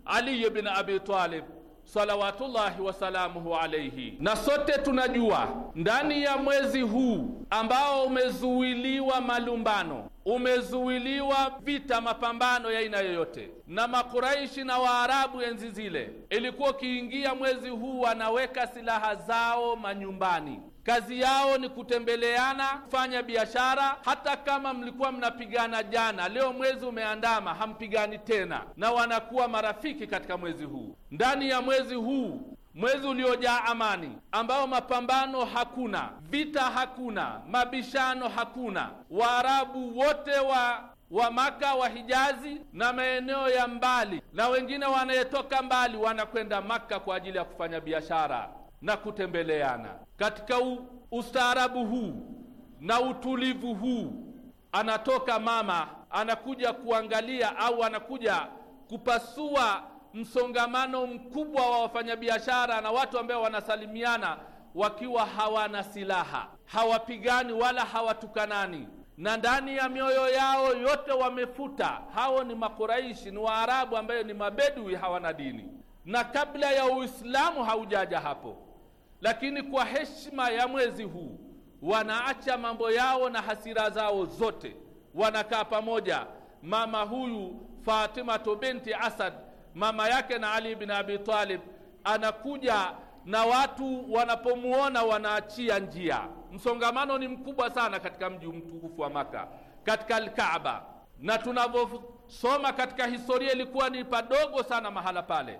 Ali ibn Abi Talib salawatullahi wasalamuhu alaihi. Na sote tunajua ndani ya mwezi huu ambao umezuiliwa malumbano, umezuiliwa vita, mapambano ya aina yoyote, na Makuraishi na Waarabu enzi zile ilikuwa ukiingia mwezi huu wanaweka silaha zao manyumbani kazi yao ni kutembeleana, kufanya biashara. Hata kama mlikuwa mnapigana jana, leo mwezi umeandama, hampigani tena, na wanakuwa marafiki katika mwezi huu, ndani ya mwezi huu mwezi uliojaa amani, ambao mapambano hakuna, vita hakuna, mabishano hakuna. Waarabu wote wa wa Maka wa Hijazi na maeneo ya mbali na wengine wanayetoka mbali wanakwenda Maka kwa ajili ya kufanya biashara na kutembeleana. Katika ustaarabu huu na utulivu huu, anatoka mama anakuja kuangalia au anakuja kupasua msongamano mkubwa wa wafanyabiashara na watu ambao wanasalimiana wakiwa hawana silaha, hawapigani wala hawatukanani, na ndani ya mioyo yao yote wamefuta. Hao ni Makuraishi, ni Waarabu ambayo ni mabedui, hawana dini, na kabla ya Uislamu haujaja hapo lakini kwa heshima ya mwezi huu wanaacha mambo yao na hasira zao zote, wanakaa pamoja. Mama huyu Fatima binti Asad, mama yake na Ali bin Abi Talib, anakuja na watu wanapomuona wanaachia njia. Msongamano ni mkubwa sana katika mji mtukufu wa Maka, katika Alkaaba, na tunavyosoma katika historia ilikuwa ni padogo sana mahala pale.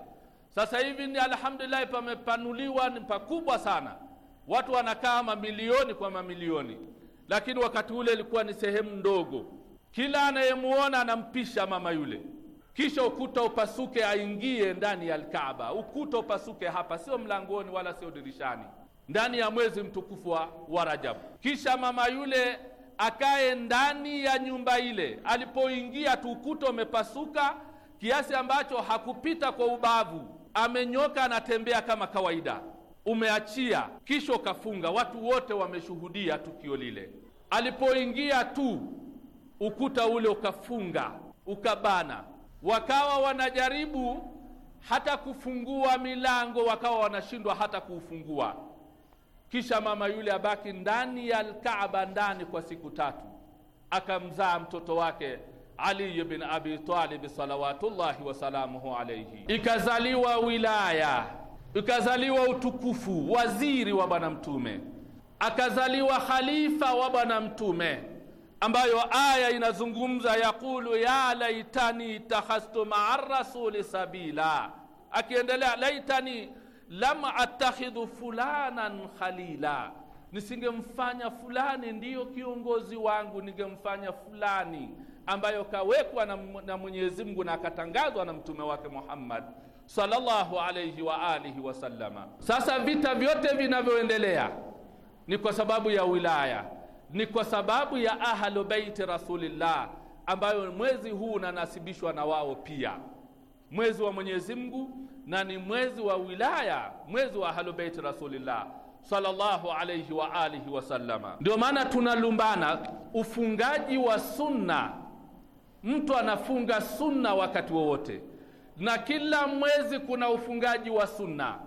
Sasa hivi ni alhamdulillah, pamepanuliwa ni pakubwa sana, watu wanakaa mamilioni kwa mamilioni, lakini wakati ule ilikuwa ni sehemu ndogo. Kila anayemuona anampisha mama yule, kisha ukuta upasuke, aingie ndani ya Alkaaba. Ukuta upasuke hapa, sio mlangoni wala sio dirishani, ndani ya mwezi mtukufu wa, wa Rajabu. Kisha mama yule akae ndani ya nyumba ile. Alipoingia tu ukuta umepasuka kiasi ambacho hakupita kwa ubavu amenyoka anatembea kama kawaida, umeachia kisha ukafunga, watu wote wameshuhudia tukio lile. Alipoingia tu ukuta ule ukafunga, ukabana, wakawa wanajaribu hata kufungua milango, wakawa wanashindwa hata kuufungua. Kisha mama yule abaki ndani ya Alkaaba ndani kwa siku tatu, akamzaa mtoto wake ali ibn Abi Talib salawatullahi wasalamuhu alayhi. Ikazaliwa wilaya, ikazaliwa utukufu, waziri wa Bwana Mtume, akazaliwa khalifa wa Bwana Mtume, ambayo aya inazungumza yaqulu ya laitani takhastu maa rasuli sabila, akiendelea laitani lam attakhidhu fulanan khalila, nisingemfanya fulani ndiyo kiongozi wangu, ningemfanya fulani ambayo kawekwa na, na Mwenyezi Mungu na akatangazwa na mtume wake Muhammad sallallahu alayhi wa alihi sallama. Sasa vita vyote vinavyoendelea ni kwa sababu ya wilaya, ni kwa sababu ya ahlu baiti rasulillah, ambayo mwezi huu unanasibishwa na wao pia, mwezi wa Mwenyezi Mungu na ni mwezi wa wilaya, mwezi wa ahlu baiti rasulillah sallallahu alayhi wa alihi sallama. Ndio maana tunalumbana ufungaji wa sunna mtu anafunga sunna wakati wowote, na kila mwezi kuna ufungaji wa sunna,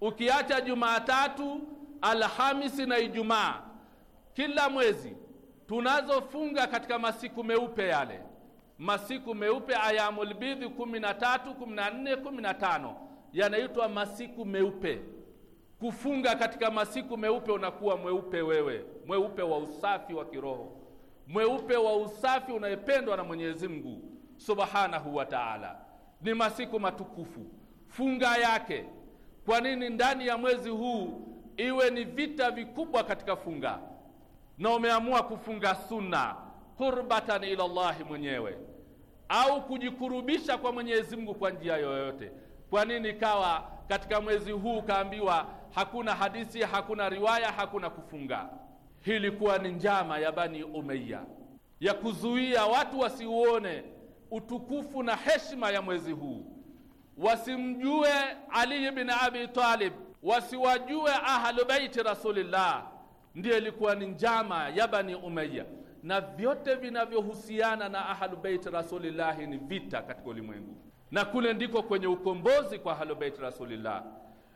ukiacha Jumatatu, Alhamisi na Ijumaa. Kila mwezi tunazofunga katika masiku meupe yale, masiku meupe ayamul bidhi, kumi na tatu, kumi na nne, kumi na tano, yanaitwa masiku meupe. Kufunga katika masiku meupe unakuwa mweupe wewe, mweupe wa usafi wa kiroho mweupe wa usafi unayependwa na Mwenyezi Mungu subhanahu wa taala. Ni masiku matukufu, funga yake. Kwa nini ndani ya mwezi huu iwe ni vita vikubwa katika funga, na umeamua kufunga sunna kurbatan ila Allahi mwenyewe au kujikurubisha kwa Mwenyezi Mungu kwa njia yoyote? Kwa nini kawa katika mwezi huu kaambiwa hakuna hadithi, hakuna riwaya, hakuna kufunga? Hii ilikuwa ni njama ya Bani Umayya ya kuzuia watu wasiuone utukufu na heshima ya mwezi huu, wasimjue Ali ibn Abi Talib, wasiwajue Ahlu Baiti Rasulillah. Ndiyo ilikuwa ni njama ya Bani Umayya, na vyote vinavyohusiana na Ahlu Baiti Rasulillahi ni vita katika ulimwengu, na kule ndiko kwenye ukombozi kwa Ahlu Baiti Rasulillah.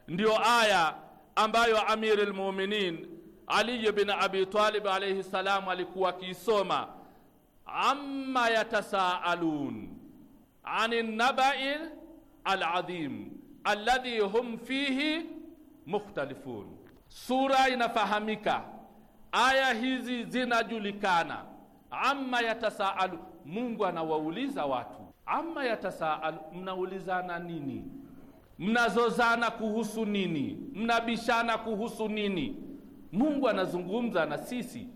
Ndiyo aya ambayo Amiri lmuminin ali bin Abi Talib alayhi salam alikuwa akisoma amma yatasaalun anin naba'il alazim alladhi hum fihi mukhtalifun, sura inafahamika, aya hizi zinajulikana. Amma yatasaalu, Mungu anawauliza watu. Amma yatasaalu, mnaulizana nini? Mnazozana kuhusu nini? Mnabishana kuhusu nini? Mungu anazungumza na sisi,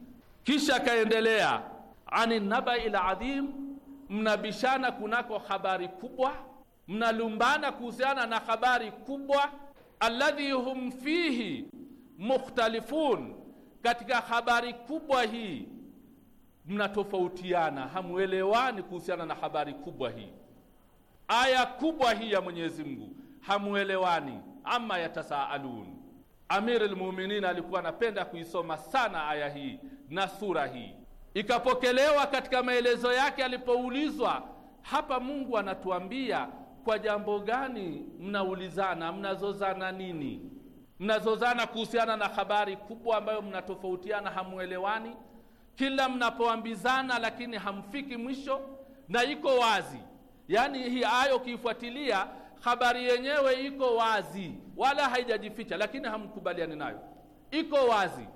kisha akaendelea ani nabai ladhim, mnabishana kunako habari kubwa, mnalumbana kuhusiana na habari kubwa, alladhi hum fihi mukhtalifun, katika habari kubwa hii mnatofautiana, hamuelewani kuhusiana na habari kubwa hii, aya kubwa hii ya Mwenyezi Mungu hamuelewani. Ama yatasaalun Amir al-Mu'minin alikuwa anapenda kuisoma sana aya hii na sura hii. Ikapokelewa katika maelezo yake alipoulizwa, hapa Mungu anatuambia kwa jambo gani mnaulizana, mnazozana nini? Mnazozana kuhusiana na habari kubwa ambayo mnatofautiana, hamuelewani, kila mnapoambizana, lakini hamfiki mwisho, na iko wazi. Yaani hii aya ukiifuatilia habari yenyewe iko wazi, wala haijajificha, lakini hamkubaliani nayo, iko wazi.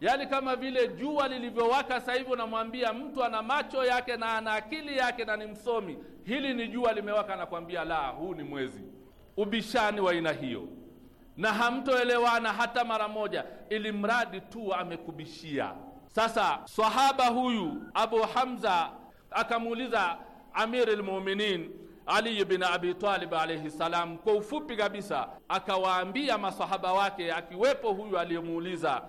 Yaani kama vile jua lilivyowaka sasa hivi, unamwambia mtu ana macho yake na ana akili yake na ni msomi, hili ni jua limewaka, anakwambia la, huu ni mwezi. Ubishani wa aina hiyo, na hamtoelewana hata mara moja, ili mradi tu amekubishia. Sasa sahaba huyu Abu Hamza akamuuliza Amirul Mu'minin Ali bin Abi Talib alayhi salam kwa ufupi kabisa akawaambia masahaba wake, akiwepo huyu aliyemuuliza,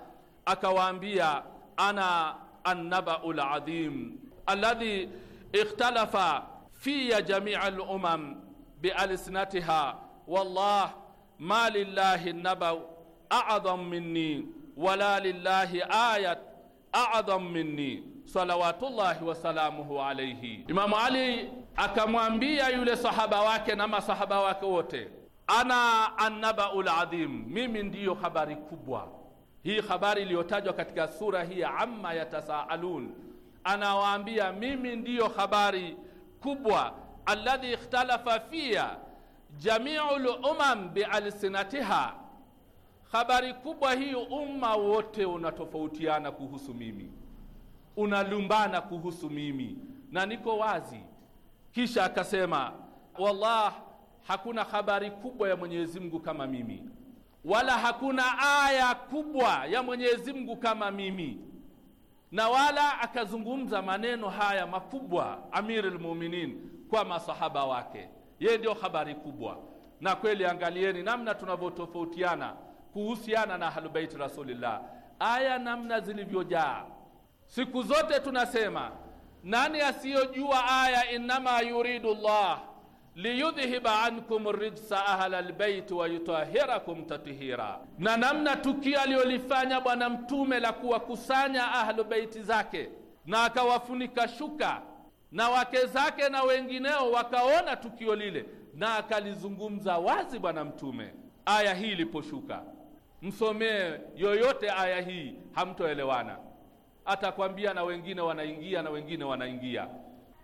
akawaambia ana annabaul adhim alladhi ikhtalafa fiya jamia lumam bialsinatiha wallah ma lillahi nabau a'dham minni wala lillahi ayat a'dham minni salawatullahi wasalamuhu alaihi. Imamu Ali akamwambia yule sahaba wake na masahaba wake wote, ana annabau ladhim mimi ndiyo habari kubwa hii habari iliyotajwa katika sura hii ya amma yatasaalun, anawaambia mimi ndiyo habari kubwa, alladhi ikhtalafa fiha jamiu lumam bialsinatiha, habari kubwa hii umma wote unatofautiana kuhusu mimi unalumbana kuhusu mimi na niko wazi. Kisha akasema wallah, hakuna habari kubwa ya Mwenyezi Mungu kama mimi, wala hakuna aya kubwa ya Mwenyezi Mungu kama mimi, na wala akazungumza maneno haya makubwa Amirul Mu'minin kwa masahaba wake. Yeye ndio habari kubwa. Na kweli angalieni namna tunavyotofautiana kuhusiana na Ahlul Bait Rasulillah, aya namna zilivyojaa Siku zote tunasema nani asiyojua aya innama yuridu llah liyudhhiba ankum rijsa ahla wa wayutahirakum tathira, na namna tukio aliyolifanya Bwana Mtume la kuwakusanya ahlu beiti zake na akawafunika shuka na wake zake na wengineo wakaona tukio lile, na akalizungumza wazi Bwana Mtume aya hii iliposhuka. Msomee yoyote aya hii hamtoelewana atakwambia na wengine wanaingia na wengine wanaingia.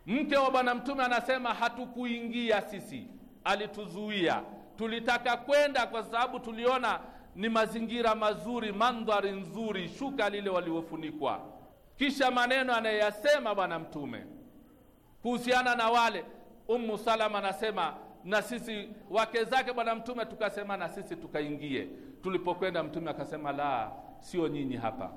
Mke wa Bwana Mtume anasema hatukuingia sisi, alituzuia. Tulitaka kwenda kwa sababu tuliona ni mazingira mazuri, mandhari nzuri, shuka lile waliofunikwa. Kisha maneno anayeyasema Bwana Mtume kuhusiana na wale Ummu Salama anasema na sisi wake zake Bwana Mtume tukasema na sisi tukaingie. Tulipokwenda Mtume akasema la, sio nyinyi hapa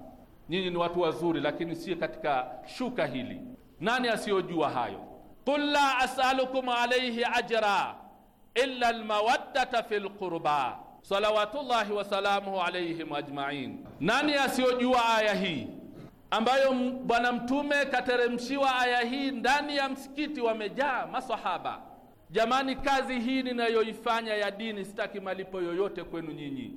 nyinyi ni watu wazuri, lakini si katika shuka hili. Nani asiyojua hayo? Qul la asalukum alayhi ajra illa almawaddata fil qurba salawatullahi salamuhu alayhim ajmain. Nani asiyojua aya hii ambayo Bwana Mtume kateremshiwa aya hii ndani ya msikiti, wamejaa masahaba. Jamani, kazi hii ninayoifanya ya dini, sitaki malipo yoyote kwenu nyinyi,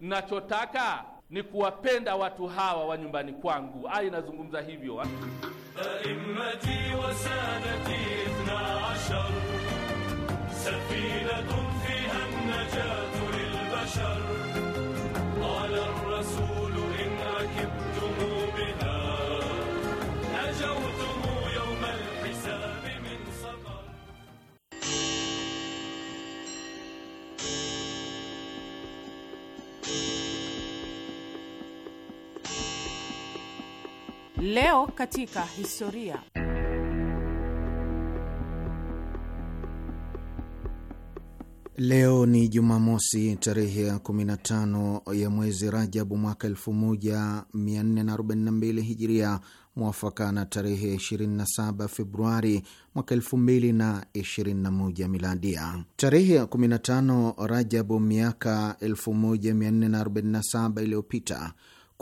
nachotaka ni kuwapenda watu hawa wa nyumbani kwangu. Aya inazungumza hivyo Leo katika historia. Leo ni Jumamosi, tarehe ya 15 ya mwezi Rajabu mwaka 1442 Hijiria, mwafaka na tarehe 27 Februari mwaka 2021 Miladia. Tarehe ya 15 Rajabu miaka 1447 iliyopita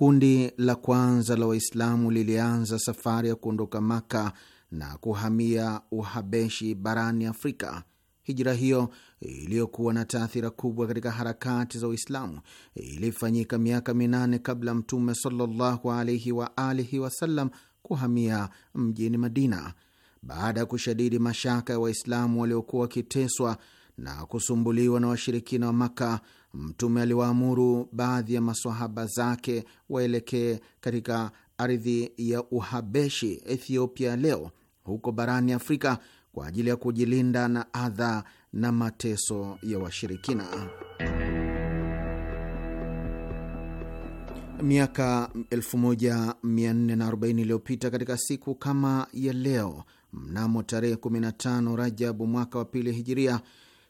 Kundi la kwanza la Waislamu lilianza safari ya kuondoka Maka na kuhamia Uhabeshi barani Afrika. Hijra hiyo iliyokuwa na taathira kubwa katika harakati za Uislamu ilifanyika miaka minane kabla Mtume sallallahu alaihi wa alihi wasallam kuhamia mjini Madina, baada ya kushadidi mashaka ya Waislamu waliokuwa wakiteswa na kusumbuliwa na washirikina wa Maka. Mtume aliwaamuru baadhi ya masahaba zake waelekee katika ardhi ya Uhabeshi, Ethiopia leo huko barani Afrika, kwa ajili ya kujilinda na adha na mateso ya washirikina. Miaka 1440 iliyopita katika siku kama ya leo, mnamo tarehe 15 Rajabu mwaka wa pili hijiria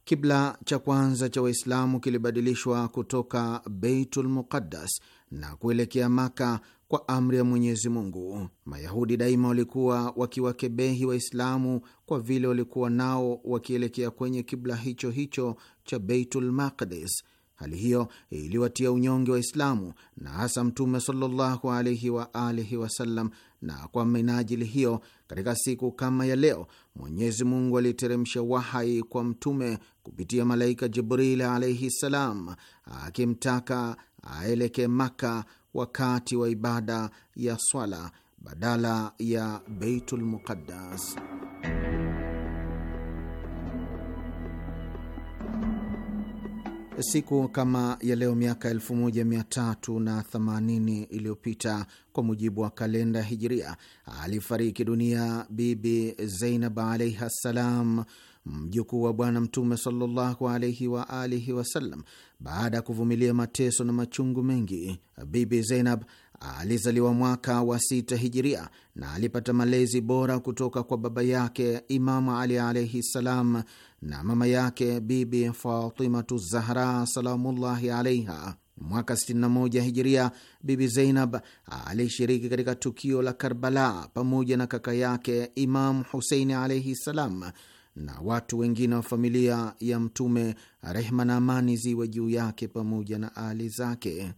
Kibla cha kwanza cha Waislamu kilibadilishwa kutoka Beitul Muqaddas na kuelekea Maka kwa amri ya Mwenyezi Mungu. Mayahudi daima walikuwa wakiwakebehi Waislamu kwa vile walikuwa nao wakielekea kwenye kibla hicho hicho cha Beitul Maqdis. Hali hiyo iliwatia unyonge Waislamu na hasa Mtume sallallahu alaihi wa alihi wasallam na kwa minajili hiyo katika siku kama ya leo Mwenyezi Mungu aliteremsha wahai kwa mtume kupitia malaika Jibril alaihi ssalam, akimtaka aelekee Maka wakati wa ibada ya swala badala ya Beitul Muqaddas. siku kama ya leo miaka 1380 iliyopita kwa mujibu wa kalenda Hijiria, alifariki dunia Bibi Zeinab alaihi ssalam, mjukuu wa Bwana Mtume sallallahu alaihi wa alihi wasallam, baada ya kuvumilia mateso na machungu mengi. Bibi Zeinab alizaliwa mwaka wa sita Hijiria na alipata malezi bora kutoka kwa baba yake Imamu Ali alaihi ssalam na mama yake Bibi Fatimatu Zahra salamullahi alaiha. Mwaka 61 Hijiria, Bibi Zeinab alishiriki katika tukio la Karbala pamoja na kaka yake Imamu Huseini alaihi ssalam na watu wengine wa familia ya Mtume, rehma na amani ziwe juu yake pamoja na ali zake.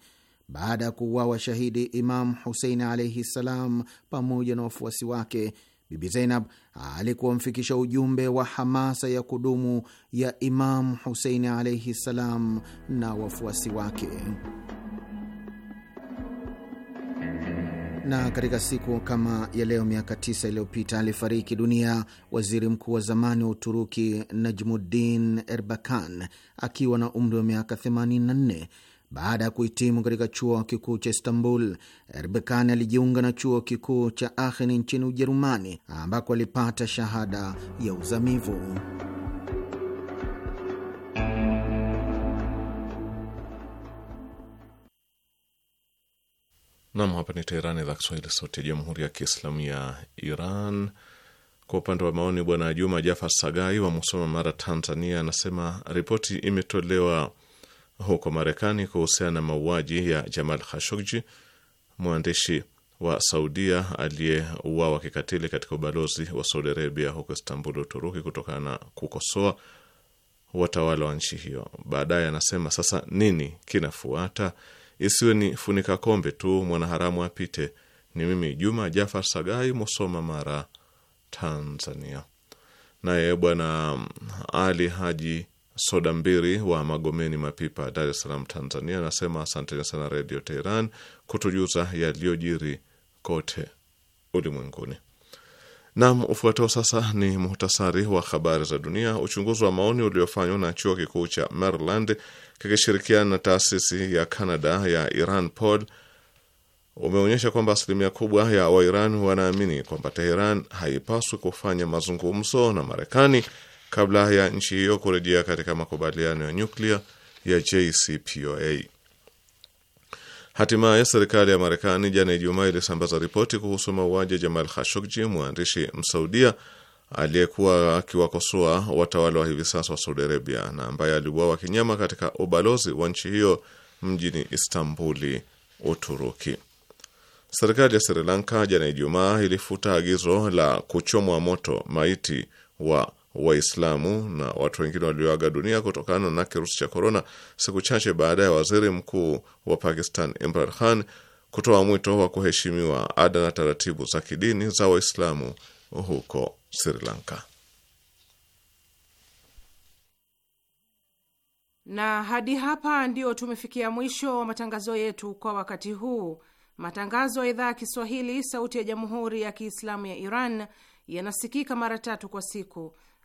Baada ya kuuawa shahidi Imam Huseini alaihi ssalam pamoja na wafuasi wake Bibi Zeinab alikuwa mfikisha ujumbe wa hamasa ya kudumu ya imam Huseini alaihi ssalam na wafuasi wake. Na katika siku kama ya leo miaka tisa iliyopita alifariki dunia waziri mkuu wa zamani wa Uturuki Najmuddin Erbakan akiwa na umri wa miaka 84. Baada ya kuhitimu katika chuo kikuu cha Istanbul, Erbekan alijiunga na chuo kikuu cha Aachen nchini Ujerumani, ambako alipata shahada ya uzamivu. Nam, hapa ni Teherani, idhaa Kiswahili, sauti ya jamhuri ya kiislamu ya Iran. Kwa upande wa maoni, bwana Juma Jafar Sagai wa Musoma, Mara, Tanzania, anasema ripoti imetolewa huko Marekani kuhusiana na mauaji ya Jamal Khashoggi, mwandishi wa Saudia aliyeuawa kikatili katika ubalozi wa Saudi Arabia huko Istanbul, Uturuki, kutokana na kukosoa watawala wa nchi hiyo. Baadaye anasema sasa nini kinafuata? Isiwe ni funika kombe tu mwanaharamu apite. Ni mimi Juma Jafar Sagai, Musoma, Mara, Tanzania. Naye bwana Ali Haji Soda Mbiri wa Magomeni Mapipa, Dar es Salaam, Tanzania, anasema asanteni sana Redio Teheran kutujuza yaliyojiri kote ulimwenguni. Nam, ufuatao sasa ni muhtasari wa habari za dunia. Uchunguzi wa maoni uliofanywa na chuo kikuu cha Maryland kikishirikiana na taasisi ya Canada ya Iran Pol umeonyesha kwamba asilimia kubwa ya Wairan wanaamini kwamba Teheran haipaswi kufanya mazungumzo na Marekani kabla ya nchi hiyo kurejea katika makubaliano ya nyuklia ya JCPOA. Hatimaye serikali ya Marekani jana Ijumaa ilisambaza ripoti kuhusu mauaji ya Jamal Khashoggi, mwandishi msaudia aliyekuwa akiwakosoa watawala wa hivi sasa wa Saudi Arabia na ambaye aliuawa kinyama katika ubalozi wa nchi hiyo mjini Istanbuli, Uturuki. Serikali ya Sri Lanka jana Ijumaa ilifuta agizo la kuchomwa moto maiti wa Waislamu na watu wengine walioaga dunia kutokana na kirusi cha korona, siku chache baada ya waziri mkuu wa Pakistan Imran Khan kutoa mwito wa kuheshimiwa ada na taratibu za kidini za Waislamu huko Sri Lanka. Na hadi hapa ndio tumefikia mwisho wa matangazo yetu kwa wakati huu. Matangazo ya idhaa ya Kiswahili sauti ya jamhuri ya Kiislamu ya Iran yanasikika mara tatu kwa siku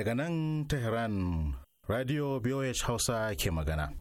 daga nan tehran radio bih hausa ke magana